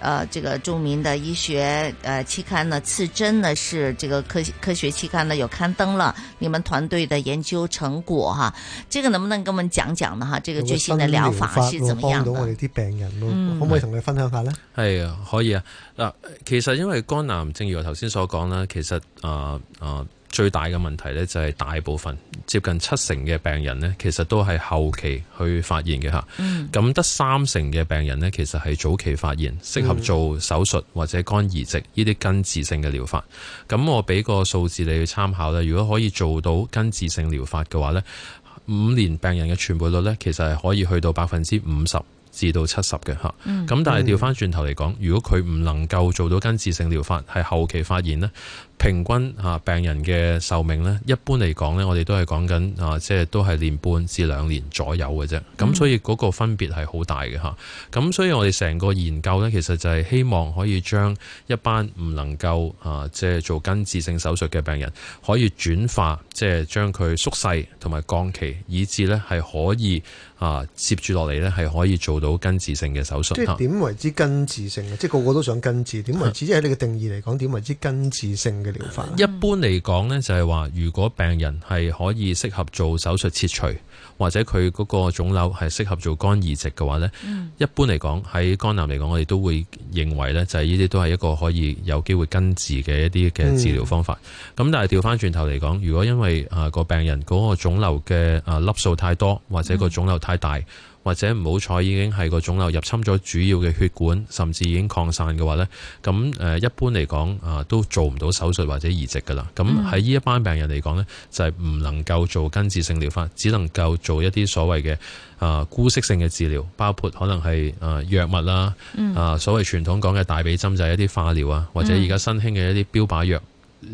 呃，這個著名的醫學呃期刊呢，刺針呢是這個科科學期刊呢有刊登了你們團隊的研究成果哈、啊，這個能不能跟我們講講呢？哈、啊，這個最新的療法是怎麼樣？幫到我哋啲病人，嗯、可唔可以同你分享下呢？係啊，可以啊。嗱，其實因為肝癌，正如我頭先所講啦，其實啊啊。呃呃最大嘅問題呢，就係大部分接近七成嘅病人呢，其實都係後期去發現嘅嚇。咁得、嗯、三成嘅病人呢，其實係早期發現，適合做手術或者肝移植呢啲根治性嘅療法。咁我俾個數字你去參考呢。如果可以做到根治性療法嘅話呢，五年病人嘅存活率呢，其實係可以去到百分之五十至到七十嘅嚇。咁、嗯、但係調翻轉頭嚟講，嗯、如果佢唔能夠做到根治性療法，係後期發現呢。平均嚇病人嘅壽命呢，一般嚟講呢，我哋都係講緊啊，即係都係年半至兩年左右嘅啫。咁、嗯、所以嗰個分別係好大嘅嚇。咁所以我哋成個研究呢，其實就係希望可以將一班唔能夠啊，即係做根治性手術嘅病人，可以轉化，即係將佢縮細同埋降期，以至呢係可以啊接住落嚟呢係可以做到根治性嘅手術。即係點為之根治性啊？即係個個都想根治，點為之？啊、即係喺你嘅定義嚟講，點為之根治性嘅？一般嚟講呢，就係話如果病人係可以適合做手術切除，或者佢嗰個腫瘤係適合做肝移植嘅話呢、嗯、一般嚟講喺肝癌嚟講，我哋都會認為呢就係呢啲都係一個可以有機會根治嘅一啲嘅治療方法。咁、嗯、但係調翻轉頭嚟講，如果因為啊個病人嗰個腫瘤嘅啊粒數太多，或者個腫瘤太大。嗯或者唔好彩已經係個腫瘤入侵咗主要嘅血管，甚至已經擴散嘅話呢，咁一般嚟講啊，都做唔到手術或者移植㗎喇。咁喺呢一班病人嚟講呢，就係、是、唔能夠做根治性療法，只能夠做一啲所謂嘅啊姑息性嘅治療，包括可能係啊藥物啦，啊、嗯呃、所謂傳統講嘅大髀針就係、是、一啲化療啊，或者而家新興嘅一啲標靶藥、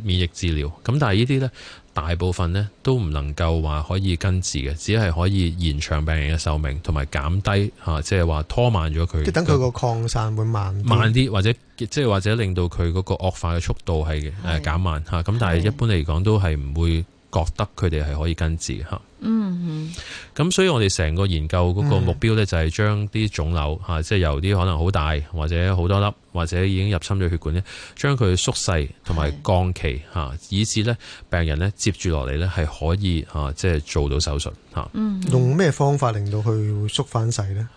免疫治療。咁但係呢啲呢。大部分咧都唔能夠話可以根治嘅，只係可以延長病人嘅壽命同埋減低嚇，即係話拖慢咗佢。即等佢個擴散會慢慢啲，或者即係或者令到佢嗰個惡化嘅速度係誒、呃、減慢嚇。咁的但係一般嚟講都係唔會，覺得佢哋係可以根治嚇，嗯哼，咁所以我哋成個研究嗰個目標呢，就係將啲腫瘤即係、嗯、哼由啲可能好大或者好多粒或者已經入侵咗血管呢，將佢縮細同埋降期是，以至呢病人呢接住落嚟呢係可以即係做到手術、嗯、哼用咩方法令到佢縮翻細呢？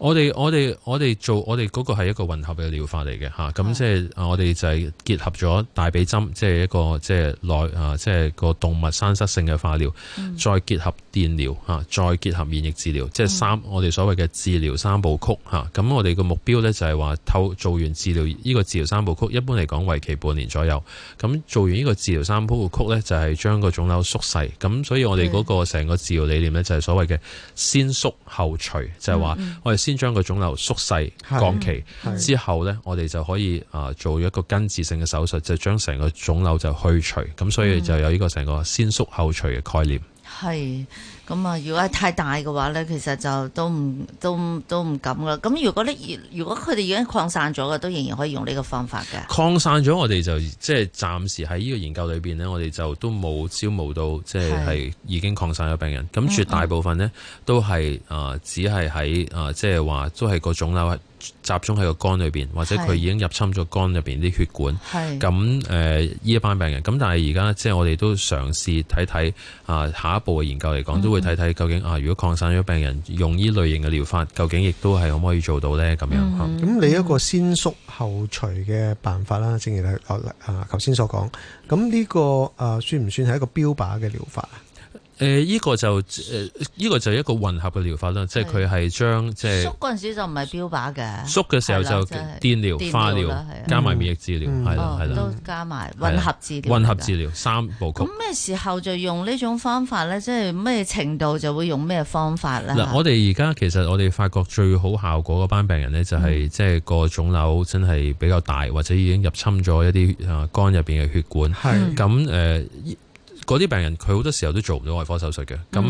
我哋我哋我哋做我哋嗰個係一個混合嘅療法嚟嘅吓。咁即係啊，我哋就係結合咗大髀針，即係一個即係內啊，即係個動物生質性嘅化療，再結合電療嚇，再結合免疫治療，即係三我哋所謂嘅治療三部曲吓。咁我哋嘅目標咧就係話透做完治療呢個治療三部曲，一般嚟講為期半年左右。咁做完呢個治療三部曲咧，就係將個腫瘤縮細。咁所以我哋嗰個成個治療理念咧，就係所謂嘅先縮後除，就係話我哋先。先將個腫瘤縮細降期之後呢，我哋就可以啊，做一個根治性嘅手術，就將成個腫瘤就去除。咁所以就有呢個成個先縮後除嘅概念。係。咁啊，如果係太大嘅話咧，其實就都唔都都唔敢啦。咁如果你如果佢哋已經擴散咗嘅，都仍然可以用呢個方法嘅。擴散咗，我哋就即係暫時喺呢個研究裏邊咧，我哋就都冇招募到是即係係已經擴散咗病人。咁，嗯嗯，絕大部分咧都係啊，呃，只係喺啊，即係話都係個腫瘤。集中喺個肝裏邊，或者佢已經入侵咗肝入邊啲血管。咁誒，呢一班病人咁，但係而家即係我哋都嘗試睇睇啊，下一步嘅研究嚟講，都會睇睇究竟啊，如果擴散咗病人用呢類型嘅療法，究竟亦都係可唔可以做到咧？咁樣咁你一個先縮後除嘅辦法啦，正如你啊，頭先所講，咁呢個誒，算唔算係一個標靶嘅療法啊？誒依個，就誒依個就係一個混合嘅療法啦，即係佢係將即係縮嗰陣時就唔係標靶嘅，縮嘅時候就電療、化療加埋免疫治療，係啦係啦，都加埋混合治療。混合治療三部曲。咁咩時候就用呢種方法咧？即係咩程度就會用咩方法咧？嗱，我哋而家其實我哋發覺最好效果嗰班病人咧，就係即係個腫瘤真係比較大，或者已經入侵咗一啲肝入邊嘅血管。係咁誒。嗰啲病人，佢好多時候都做唔到外科手術嘅。咁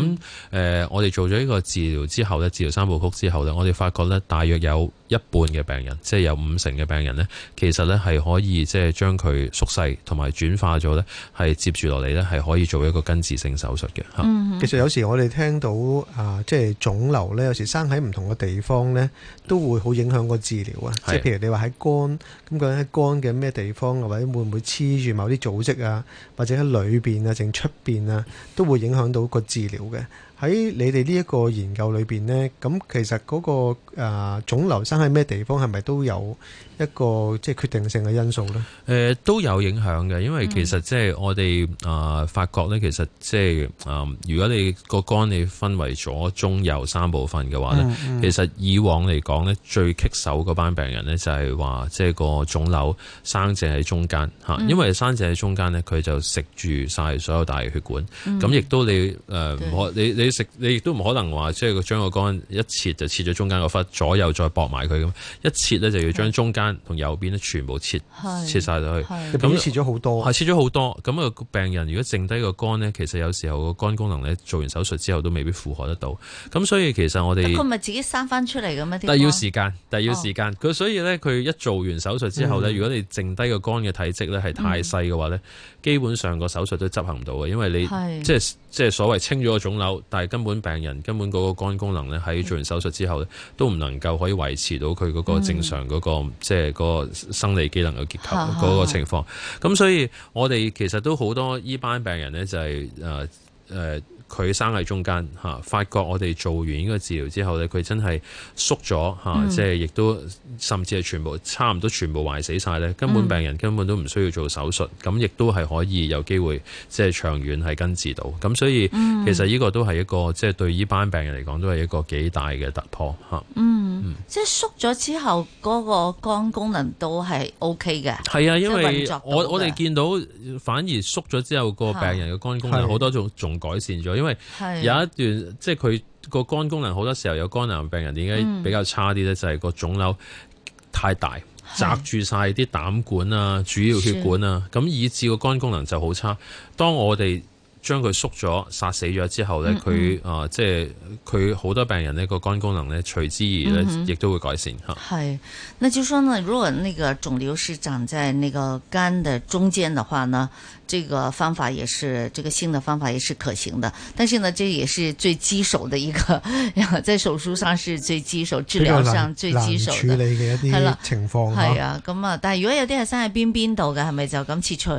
誒，我哋做咗呢個治療之後咧，治療三部曲之後咧，我哋發覺咧，大約有。一半嘅病人，即係有五成嘅病人呢，其實呢係可以即係將佢縮細同埋轉化咗呢，係接住落嚟呢，係可以做一個根治性手術嘅。嗯哼，其實有時我哋聽到啊，即係腫瘤呢，有時生喺唔同嘅地方呢，都會好影響個治療啊。嗯、即係譬如你話喺肝，咁究竟喺肝嘅咩地方，或者會唔會黐住某啲組織啊，或者喺裏邊啊定出邊啊，都會影響到個治療嘅。喺你哋呢一個研究裏邊呢，咁其實嗰、嗰個。啊，腫瘤生喺咩地方，係咪都有一個即係、就是、決定性嘅因素咧？誒、呃，都有影響嘅，因為其實即係我哋啊，發覺咧，其實即係啊，如果你個肝你分為左中、右三部分嘅話咧，嗯嗯、其實以往嚟講咧，最棘手嗰班病人咧就係話即係個腫瘤生正喺中間吓，嗯、因為生正喺中間咧，佢就食住晒所有大血管，咁亦、嗯、都你誒唔可，你食你食你亦都唔可能話即係個將個肝一切就切咗中間個分。左右再搏埋佢咁，一切咧就要將中間同右邊咧全部切，切晒落去。咁切咗好多，係切咗好多。咁啊，病人如果剩低個肝咧，其實有時候個肝功能咧，做完手術之後都未必負荷得到。咁所以其實我哋佢咪自己生翻出嚟咁啊？但係要時間，但係要時間。佢所以咧，佢一做完手術之後咧，如果你剩低個肝嘅體積咧係太細嘅話咧，基本上個手術都執行唔到嘅，因為你即係即係所謂清咗個腫瘤，但係根本病人根本嗰個肝功能咧喺做完手術之後咧都。唔能夠可以維持到佢嗰個正常嗰、嗰個、嗯、即係個生理機能嘅結構嗰個情況，咁是所以我哋其實都好多呢班病人呢、就是，就係誒誒。呃佢生喺中間嚇，發覺我哋做完呢個治療之後呢，佢真係縮咗，即係亦都甚至係全部差唔多全部壞死晒。呢根本病人根本都唔需要做手術，咁亦，嗯、都係可以有機會即係長遠係根治到。咁所以其實呢個都係一個即係，嗯、對呢班病人嚟講都係一個幾大嘅突破，嗯嗯、即係縮咗之後嗰，嗰個肝功能都係 O K 嘅。係啊，因為我我哋見到反而縮咗之後個病人嘅肝功能好多仲仲改善咗。因為有一段即係佢個肝功能好多時候有肝癌病人點解比較差啲呢？嗯、就係個腫瘤太大，塞住晒啲膽管啊、主要血管啊，咁是的 以致個肝功能就好差。當我哋將佢縮咗、殺死咗之後呢，佢啊、嗯嗯呃，即係佢好多病人呢個肝功能呢，隨之而呢，亦都會改善嚇。係，那就係講呢，如果那個腫瘤是長在那個肝嘅中間的話呢，這個方法也是這個新的方法也是可行的，但是呢，這也是最棘手的一個， 在手術上是最棘手，治療上最棘手的，處理嘅一啲情況。係的啊，咁啊，但係如果有啲係生喺邊邊度嘅，係咪就咁切除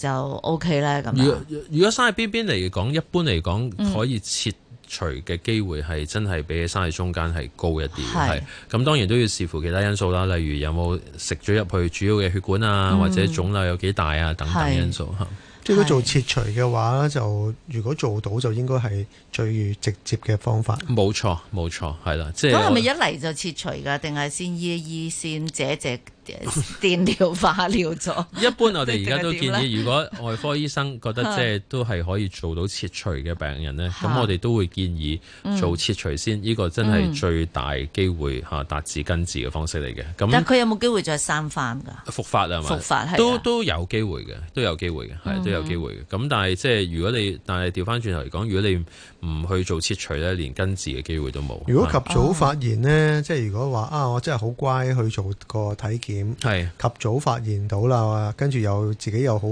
就 O K 啦？咁。如果如果生喺邊呢邊嚟講？一般嚟講，可以切除嘅機會係真係比起生喺中間係高一啲。係咁、嗯，當然都要視乎其他因素啦，例如有冇食咗入去主要嘅血管啊，嗯、或者腫瘤有幾大啊等等因素嚇。即係如果做切除嘅話，就如果做到，就應該係最直接嘅方法。冇錯，冇錯，係啦。咁係咪一嚟就切除㗎？定係先醫醫先治治，這這？電療、化療咗。一般我哋而家都建議，如果外科醫生覺得即係都係可以做到切除嘅病人咧，咁我哋都會建議做切除先。呢、嗯、個真係最大機會吓達至根治嘅方式嚟嘅。咁但佢有冇機會再生翻噶？復發啊嘛，復發係都都有機會嘅，都有機會嘅，係都有機會嘅。咁、嗯、但係即係如果你，但係調翻轉頭嚟講，如果你。唔去做切除咧，連根治嘅機會都冇。如果及早發現呢、啊、即係如果話啊，我真係好乖去做個體檢，係及早發現到啦。跟住又自己又好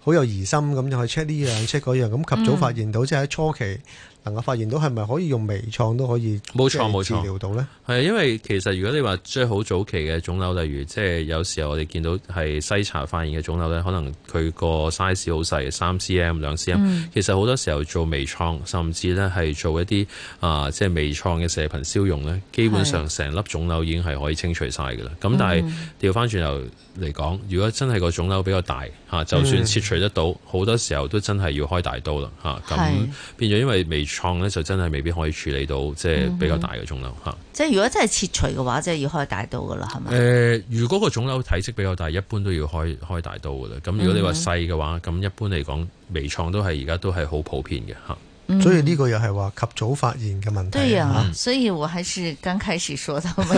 好有疑心咁、這個，就去 check 呢樣 check 嗰樣。咁、那個、及早發現到，嗯、即係喺初期。能夠發現到係咪可以用微創，都可以冇錯冇錯，治療到咧？係啊，因為其實如果你話最好早期嘅腫瘤，例如即係有時候我哋見到係篩查發現嘅腫瘤呢，可能佢個 size 好細，三 cm 兩 cm，嗯、其實好多時候做微創，甚至呢係做一啲啊即係微創嘅射頻消融呢，基本上成粒腫瘤已經係可以清除晒㗎啦。咁、嗯、但係調翻轉頭嚟講，如果真係個腫瘤比較大嚇，就算切除得到，好、嗯、多時候都真係要開大刀啦嚇。咁是變咗因為微創創咧就真係未必可以處理到，即係比較大嘅腫瘤吓。即係、嗯嗯、是如果真係切除嘅話，即係要開大刀噶啦，係咪？誒、呃，如果個腫瘤體積比較大，一般都要開開大刀噶啦。咁如果你話細嘅話，咁、嗯嗯、一般嚟講，微創都係而家都係好普遍嘅吓。所以呢個又係話及早發現嘅問題。對呀，嗯、所以我還是剛開始說到，我所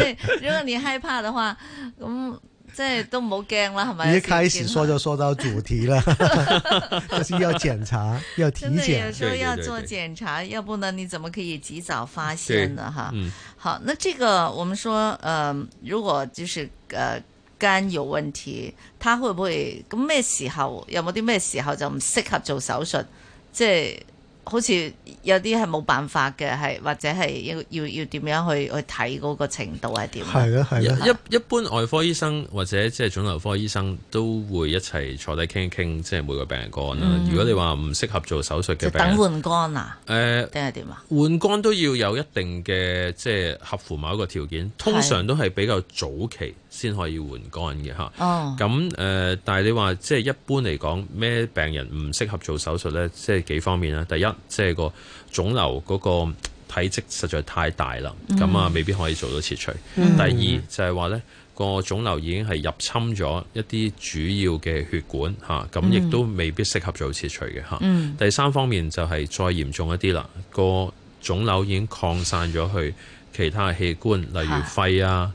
以如果你害怕的話，咁。即係都唔好驚啦，係咪？一開始說就說到主題啦， 就是要檢查， 要體檢，對對有時候要做檢查，對對對對要不呢？你怎麼可以及早發現呢？哈，好，那這個我們說，呃，如果就是，呃，肝有問題，他會不會咁咩時候？有冇啲咩時候就唔適合做手術？即係。好似有啲係冇辦法嘅，係或者係要要要點樣去去睇嗰個程度係點？係啊係啊，一一般外科醫生或者即係腫瘤科醫生都會一齊坐低傾一傾，即係每個病人肝。啦、嗯。如果你話唔適合做手術嘅，病等換肝啊？誒、呃，定係點啊？換肝都要有一定嘅，即係合乎某一個條件，通常都係比較早期。先可以換肝嘅嚇，咁誒、哦呃，但係你話即係一般嚟講咩病人唔適合做手術呢？即、就、係、是、幾方面啦。第一，即、就、係、是、個腫瘤嗰個體積實在太大啦，咁啊、嗯、未必可以做到切除。嗯、第二就係、是、話呢個腫瘤已經係入侵咗一啲主要嘅血管嚇，咁亦、嗯啊、都未必適合做切除嘅嚇。嗯、第三方面就係再嚴重一啲啦，個腫瘤已經擴散咗去其他器官，例如肺啊。啊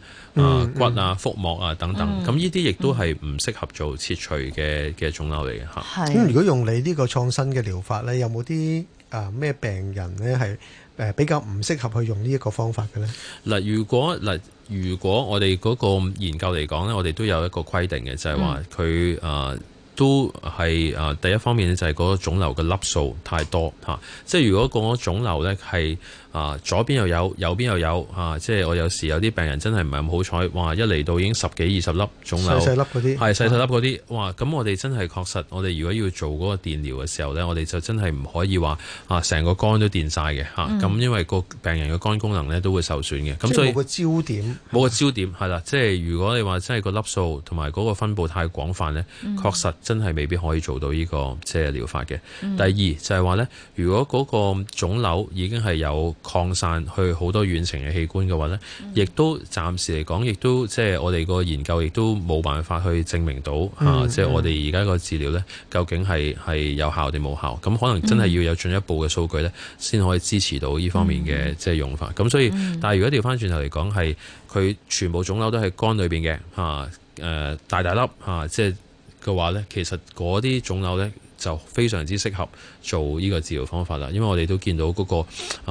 骨啊，腹膜啊，等等，咁呢啲亦都係唔適合做切除嘅嘅腫瘤嚟嘅嚇。咁如果用你呢個創新嘅療法呢，有冇啲啊咩病人呢係比較唔適合去用呢一個方法嘅呢？嗱，如果嗱，如果我哋嗰個研究嚟講呢，我哋都有一個規定嘅，就係話佢啊都係、呃、第一方面呢就係嗰個腫瘤嘅粒數太多、呃、即係如果嗰個腫瘤呢係。啊，左邊又有，右邊又有，啊，即係我有時有啲病人真係唔係咁好彩，話一嚟到已經十幾二十粒腫瘤，細細粒嗰啲，係是細細粒嗰啲，哇，咁我哋真係確實，我哋如果要做嗰個電療嘅時候呢，我哋就真係唔可以話啊，成個肝都電晒嘅，嚇、啊，咁因為個病人嘅肝功能呢都會受損嘅，咁、嗯、所以冇個焦點，冇、嗯、個焦點，係啦， 即係如果你話真係個粒數同埋嗰個分布太廣泛呢，嗯、確實真係未必可以做到呢、這個即係療法嘅。嗯、第二就係話呢，如果嗰個腫瘤已經係有擴散去好多遠程嘅器官嘅話呢，亦、嗯、都暫時嚟講，亦都即係、就是、我哋個研究亦都冇辦法去證明到、嗯、啊！即、就、係、是、我哋而家個治療呢，究竟係係有效定冇效？咁可能真係要有進一步嘅數據呢，先可以支持到呢方面嘅即係用法。咁、嗯啊、所以，嗯、但係如果調翻轉頭嚟講，係佢全部腫瘤都喺肝裏邊嘅嚇誒，大大粒嚇，即係嘅話呢，其實嗰啲腫瘤呢，就非常之適合做呢個治療方法啦，因為我哋都見到嗰、那個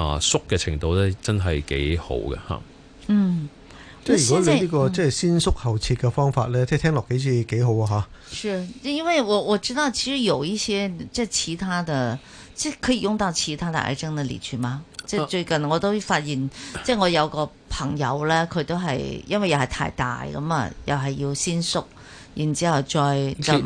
啊縮嘅程度咧，真係幾好嘅嚇。嗯，即係如果你呢、這個即係、就是、先縮後切嘅方法咧，即係、嗯、聽落幾似幾好啊嚇。是，因為我我知道其實有一些即係、就是、其他的，即、就、係、是、可以用到其他癌症嘅嚟處嗎？即、就、係、是、最近我都發現，即、就、係、是、我有個朋友咧，佢都係因為又係太大咁啊，又係要先縮。然之後再其，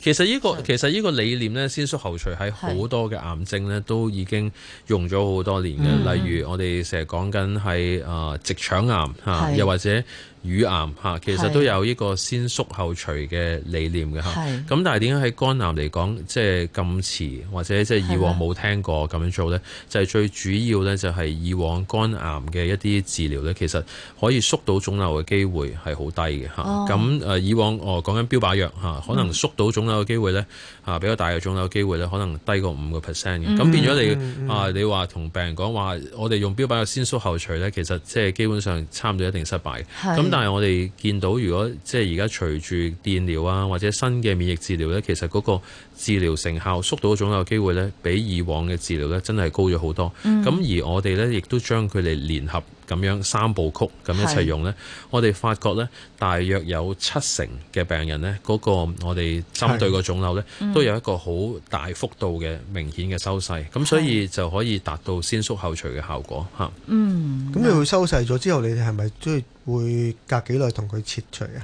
其實呢、這個其實依個理念咧是先縮後除喺好多嘅癌症呢都已經用咗好多年嘅，嗯、例如我哋成日講緊係誒直腸癌嚇，是又或者。乳癌嚇，其實都有呢個先縮後除嘅理念嘅嚇。咁是但係點解喺肝癌嚟講，即係咁遲或者即係以往冇聽過咁樣做咧？嗎就係最主要咧，就係以往肝癌嘅一啲治療咧，其實可以縮到腫瘤嘅機會係好低嘅嚇。咁誒、哦啊、以往哦講緊標靶藥嚇，可能縮到腫瘤嘅機會咧嚇、嗯、比較大嘅腫瘤嘅機會咧，可能低過五個 percent 嘅。咁、嗯嗯嗯嗯、變咗你啊，你話同病人講話，說我哋用標靶藥先縮後除咧，其實即係基本上差唔多一定失敗咁是但係我哋見到，如果即係而家隨住電療啊，或者新嘅免疫治療咧，其實嗰個治療成效縮到嘅腫瘤嘅機會咧，比以往嘅治療咧真係高咗好多。咁、嗯、而我哋咧亦都將佢哋聯合咁樣、嗯、三部曲咁一齊用咧，是我哋發覺咧大約有七成嘅病人咧，嗰、嗰個我哋針對個腫瘤咧，是都有一個好大幅度嘅明顯嘅收細。咁是所以就可以達到先縮後除嘅效果嚇。嗯，咁你佢會收細咗之後，你哋係咪都係會隔幾耐同佢切除啊？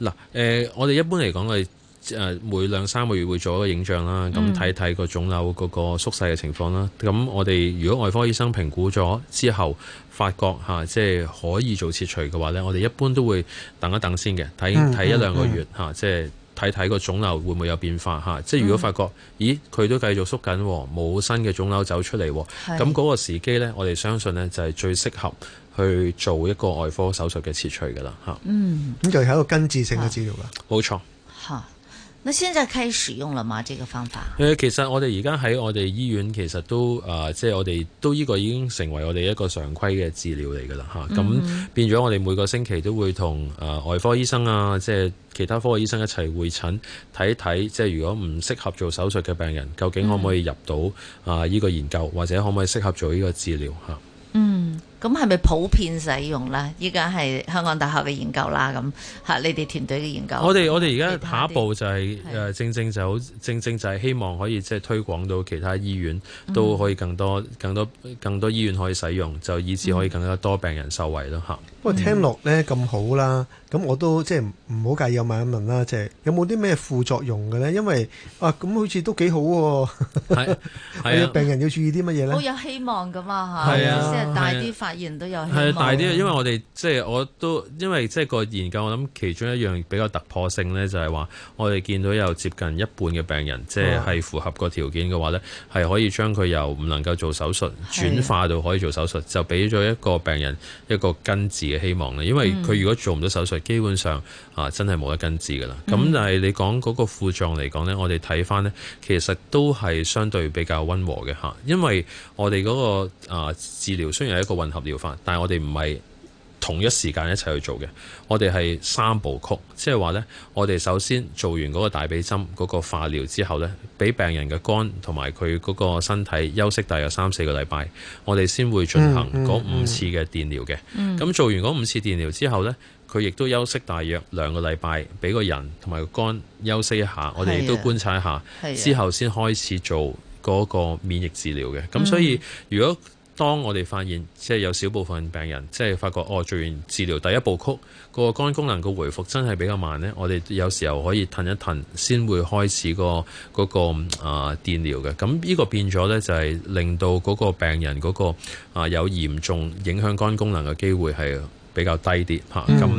嗱，誒，我哋一般嚟講，我誒，每兩三個月會做一個影像啦，咁睇睇個腫瘤嗰個縮細嘅情況啦。咁、嗯、我哋如果外科醫生評估咗之後，發覺嚇、啊、即係可以做切除嘅話呢，我哋一般都會等一等先嘅，睇睇一兩個月嚇、嗯嗯啊，即係睇睇個腫瘤會唔會有變化嚇、啊。即係如果發覺，咦佢都繼續縮緊，冇新嘅腫瘤走出嚟，咁嗰是的 個時機呢，我哋相信呢就係最適合去做一個外科手術嘅切除噶啦嚇。啊、嗯，咁就係一個根治性嘅治療啦。冇錯，嚇。那現在開始使用了嗎？這個方法？誒、呃，其實我哋而家喺我哋醫院，其實都誒，即、呃、係、就是、我哋都呢個已經成為我哋一個常規嘅治療嚟噶啦吓。咁、mm hmm. 變咗我哋每個星期都會同誒外科醫生啊，即、就、係、是、其他科嘅醫生一齊會診睇一睇，即係如果唔適合做手術嘅病人，究竟可唔可以入到啊呢、mm hmm. 呃這個研究，或者可唔可以適合做呢個治療吓？嗯、啊。Mm hmm. 咁係咪普遍使用啦？依家係香港大學嘅研究啦，咁嚇你哋團隊嘅研究我。我哋我哋而家下一步就係、是、誒的正正就正正就係希望可以即係推廣到其他醫院、嗯、哼都可以更多更多更多醫院可以使用，就以至可以更加多病人受惠咯嚇。嗯、不過聽落咧咁好啦，咁我都即係唔好介意有問一問啦，即、就、係、是、有冇啲咩副作用嘅咧？因為啊咁好似都幾好喎、啊，係、啊啊、 病人要注意啲乜嘢咧？好有希望噶嘛嚇，先係帶啲發。係大啲，因為我哋即係我都因為即係個研究，我諗其中一樣比較突破性呢，就係話我哋見到有接近一半嘅病人，即係係符合個條件嘅話呢係可以將佢由唔能夠做手術轉化到可以做手術，就俾咗一個病人一個根治嘅希望。因為佢如果做唔到手術，嗯、基本上啊真係冇得根治㗎啦。咁、嗯、但係你講嗰個副狀嚟講呢，我哋睇翻呢，其實都係相對比較溫和嘅。因為我哋嗰個啊治療雖然係一個運。療法，但係我哋唔係同一時間一齊去做嘅。我哋係三部曲，即係話呢：我哋首先做完嗰個大髀針嗰個化療之後呢，俾病人嘅肝同埋佢嗰個身體休息大約三四個禮拜，我哋先會進行嗰五次嘅電療嘅。咁、嗯嗯嗯、做完嗰五次電療之後呢，佢亦都休息大約兩個禮拜，俾個人同埋個肝休息一下，我哋亦都觀察一下，啊啊、之後先開始做嗰個免疫治療嘅。咁、嗯、所以如果當我哋發現即係、就是、有少部分病人即係、就是、發覺哦做完治療第一步曲、那個肝功能個回復真係比較慢呢。我哋有時候可以褪一褪，先會開始、那個嗰個啊電療嘅。咁呢個變咗呢，就係、是、令到嗰個病人嗰、那個啊、呃、有嚴重影響肝功能嘅機會係比較低啲咁，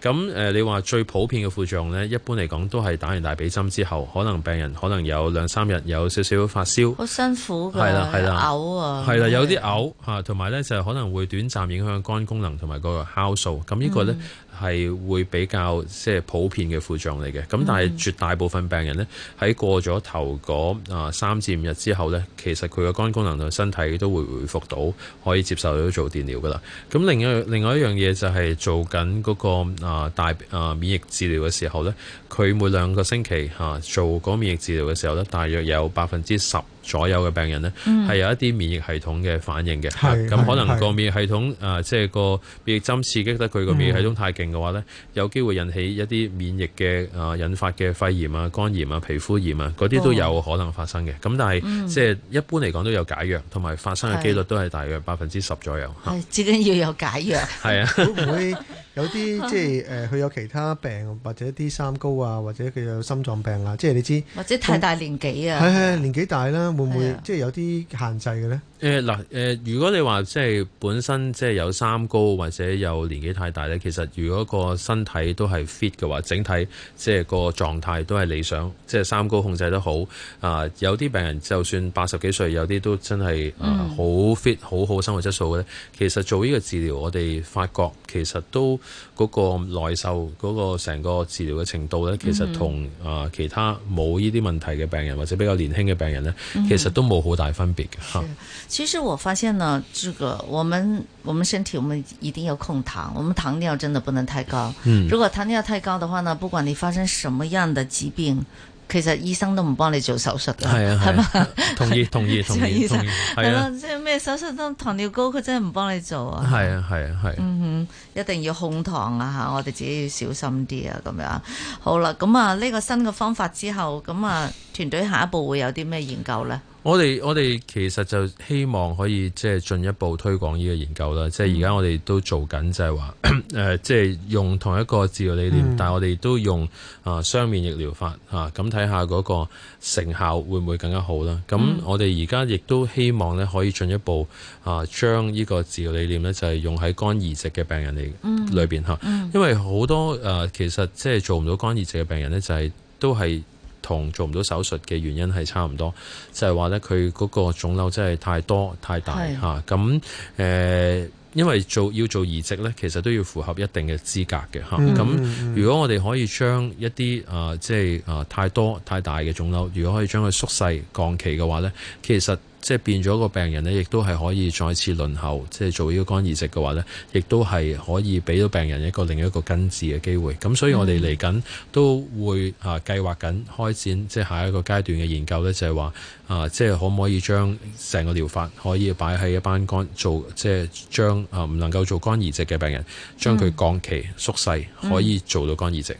咁你話最普遍嘅副作用呢，一般嚟講都係打完大髀針之後，可能病人可能有兩三日有少少發燒，好辛苦㗎，係啦，係啦，嘔啊，係啦的，的有啲嘔嚇同埋呢就係、可能會短暫影響肝功能同埋個酵素，咁呢個呢。嗯係會比較即係普遍嘅副狀嚟嘅，咁但係絕大部分病人呢，喺過咗頭嗰啊三至五日之後呢，其實佢嘅肝功能同身體都會恢復到，可以接受到做電療噶啦。咁另外另外一樣嘢就係做緊嗰個啊大啊免疫治療嘅時候呢，佢每兩個星期嚇做嗰免疫治療嘅時候呢，大約有百分之十左右嘅病人呢係有一啲免疫系統嘅反應嘅，咁可能個免疫系統啊，即係個免疫針刺激得佢個免疫系統太勁。嘅話咧，有機會引起一啲免疫嘅，啊、呃，引發嘅肺炎啊、肝炎啊、皮膚炎啊，嗰啲都有可能發生嘅。咁、哦、但係、嗯、即係一般嚟講都有解藥，同埋發生嘅幾率都係大約百分之十左右。係，至緊、嗯、要有解藥。係啊，會唔會有啲即係誒，佢、呃、有其他病或者啲三高啊，或者佢有心臟病啊？即係你知，或者太大年紀啊？係，係年紀大啦，會唔會即係有啲限制嘅咧？嗱、呃呃呃、如果你話即係本身即係有三高或者有年紀太大咧，其實如果個身體都係 fit 嘅話，整體即係個狀態都係理想，即係三高控制得好啊、呃。有啲病人就算八十幾歲，有啲都真係好、呃嗯、fit，好好生活質素嘅。其實做呢個治療，我哋發覺其實都嗰個耐受嗰個成個治療嘅程度咧，其實同啊、嗯呃、其他冇呢啲問題嘅病人或者比較年輕嘅病人咧，嗯、其實都冇好大分別嘅嚇。其實我發現呢，這個我們我們身體，我們一定要控糖，我們糖尿真的不能太高。嗯、如果糖尿太高的話呢，不管你發生什麼樣的疾病，其實醫生都唔幫你做手術嘅，係嘛是、啊吧？同意同意同意，係啦，即係咩手術都糖尿高，佢真係唔幫你做啊。係啊係啊係、啊。嗯哼，一定要控糖啊吓，我哋自己要小心啲啊，咁樣。好啦，咁啊呢、呢個新嘅方法之後，咁啊團隊下一步會有啲咩研究呢？我哋我哋其實就希望可以即係進一步推廣呢個研究啦，即係而家我哋都做緊就係話誒，即係、 就是、用同一個治療理念，嗯、但係我哋都用、呃、雙啊雙免疫療法嚇，咁睇下嗰個成效會唔會更加好啦？咁、嗯、我哋而家亦都希望咧可以進一步啊將呢個治療理念咧就係、是、用喺肝移植嘅病人嚟裏邊嚇，嗯嗯、因為好多誒、呃、其實即係做唔到肝移植嘅病人咧就係、是、都係。同做唔到手術嘅原因係差唔多，就係話呢，佢嗰個腫瘤真係太多太大嚇，咁誒是、啊，因為做要做移植呢，其實都要符合一定嘅資格嘅嚇。咁、嗯啊、如果我哋可以將一啲啊、呃，即係啊、呃、太多太大嘅腫瘤，如果可以將佢縮細降期嘅話呢，其實。即係變咗個病人咧，亦都係可以再次輪候，即係做呢個肝移植嘅話咧，亦都係可以俾到病人一個另一個根治嘅機會。咁所以我哋嚟緊都會啊計劃緊開展即係下一個階段嘅研究咧，就係話啊，即係可唔可以將成個療法可以擺喺一班肝做即係將啊唔能夠做肝移植嘅病人，將佢降期縮細，可以做到肝移植。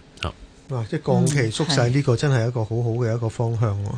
即係降期縮細呢個真係一個很好好嘅一個方向喎、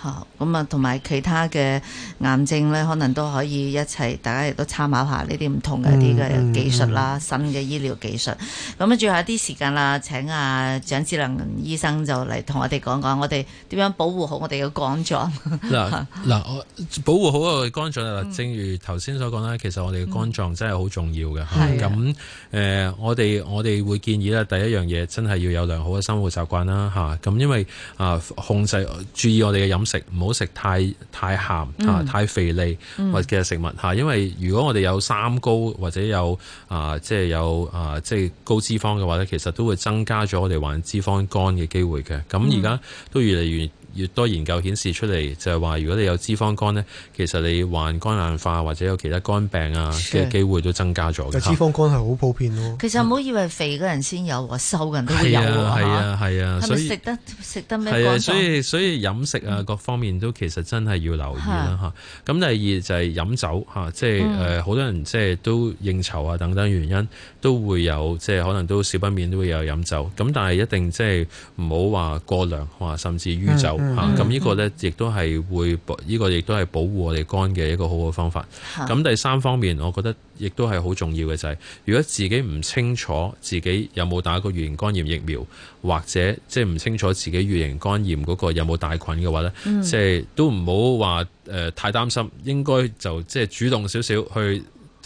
啊嗯。咁啊同埋其他嘅癌症呢，可能都可以一齊，大家亦都參考一下呢啲唔同嘅啲嘅技術啦，嗯嗯、新嘅醫療技術。咁啊，最後一啲時間啦，請阿蔣子樑醫生就嚟同我哋講講，我哋點樣保護好我哋嘅肝臟喇。嗱嗱， 保護好我哋個肝臟、嗯、正如頭先所講啦，其實我哋嘅肝臟真係好重要嘅。咁誒、嗯嗯呃，我哋我哋會建議咧，第一樣嘢真係要有兩好嘅生活習慣啦嚇，咁因為啊控制注意我哋嘅飲食，唔好食太太鹹啊、嗯、太肥膩或嘅食物嚇，嗯、因為如果我哋有三高或者有啊即係有啊即係高脂肪嘅話咧，其實都會增加咗我哋患脂肪肝嘅機會嘅。咁而家都越嚟越越多研究顯示出嚟就係話，如果你有脂肪肝呢，其實你患肝硬化或者有其他肝病啊嘅機會都增加咗嘅。是脂肪肝係好普遍咯。嗯、其實唔好以為肥嘅人先有，瘦嘅人都有㗎。係啊係啊係啊，所以食得食得咩？係啊，所以所以飲食啊各方面都其實真係要留意啦嚇。咁、嗯、第二就係飲酒嚇，即係誒好多人即係都應酬啊等等原因都會有，即係可能都少不免都會有飲酒。咁但係一定即係唔好話過量，話甚至酗酒。咁呢、嗯、個呢亦都係會保，呢、這個亦都係保護我哋肝嘅一個好好方法。咁、嗯、第三方面，我覺得亦都係好重要嘅就係、是，如果自己唔清楚自己有冇打過乙型肝炎疫苗，或者即係唔清楚自己乙型肝炎嗰個有冇帶菌嘅話呢，即係都唔好話太擔心，應該就即係主動少少去。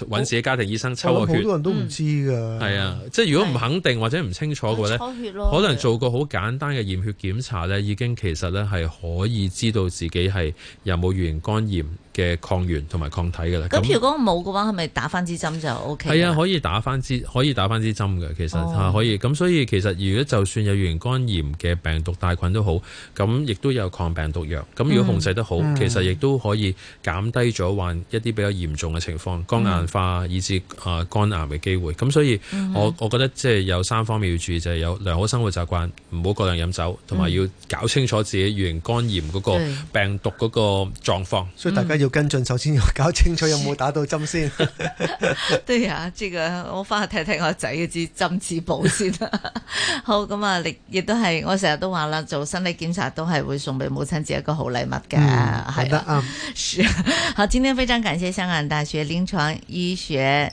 揾自己家庭醫生抽個血，好多人都唔知噶。係啊、嗯，即係如果唔肯定或者唔清楚嘅話咧，的可能做個好簡單嘅驗血檢查咧，的已經其實咧係可以知道自己係有冇乙型肝炎。嘅抗原同埋抗體㗎啦。咁如果冇嘅話，係咪那打翻支針就 O K？係啊，可以打翻支可以打翻支針嘅，其實吓、oh. 啊、可以。咁所以其實如果就算有乙型肝炎嘅病毒帶菌都好，咁亦都有抗病毒藥。咁如果控制得好，mm. 其實亦都可以減低咗患一啲比較嚴重嘅情況，肝硬化、mm. 以至啊、呃、肝癌嘅機會。咁所以、mm. 我我覺得即係有三方面要注意，就係、是、有良好生活習慣，唔好過量飲酒，同埋、mm. 要搞清楚自己乙型肝炎嗰個病毒嗰個狀況。是所以大家、mm. 要跟進，首先要搞清楚有冇打到針先。是 對啊，即係我翻去睇睇我仔嘅支針紙簿先啦。 好，咁啊，亦亦都係，我成日都話啦，做身體檢查都係會送俾母親節一個好禮物嘅。係得好，今天非常感謝香港大學臨床醫學。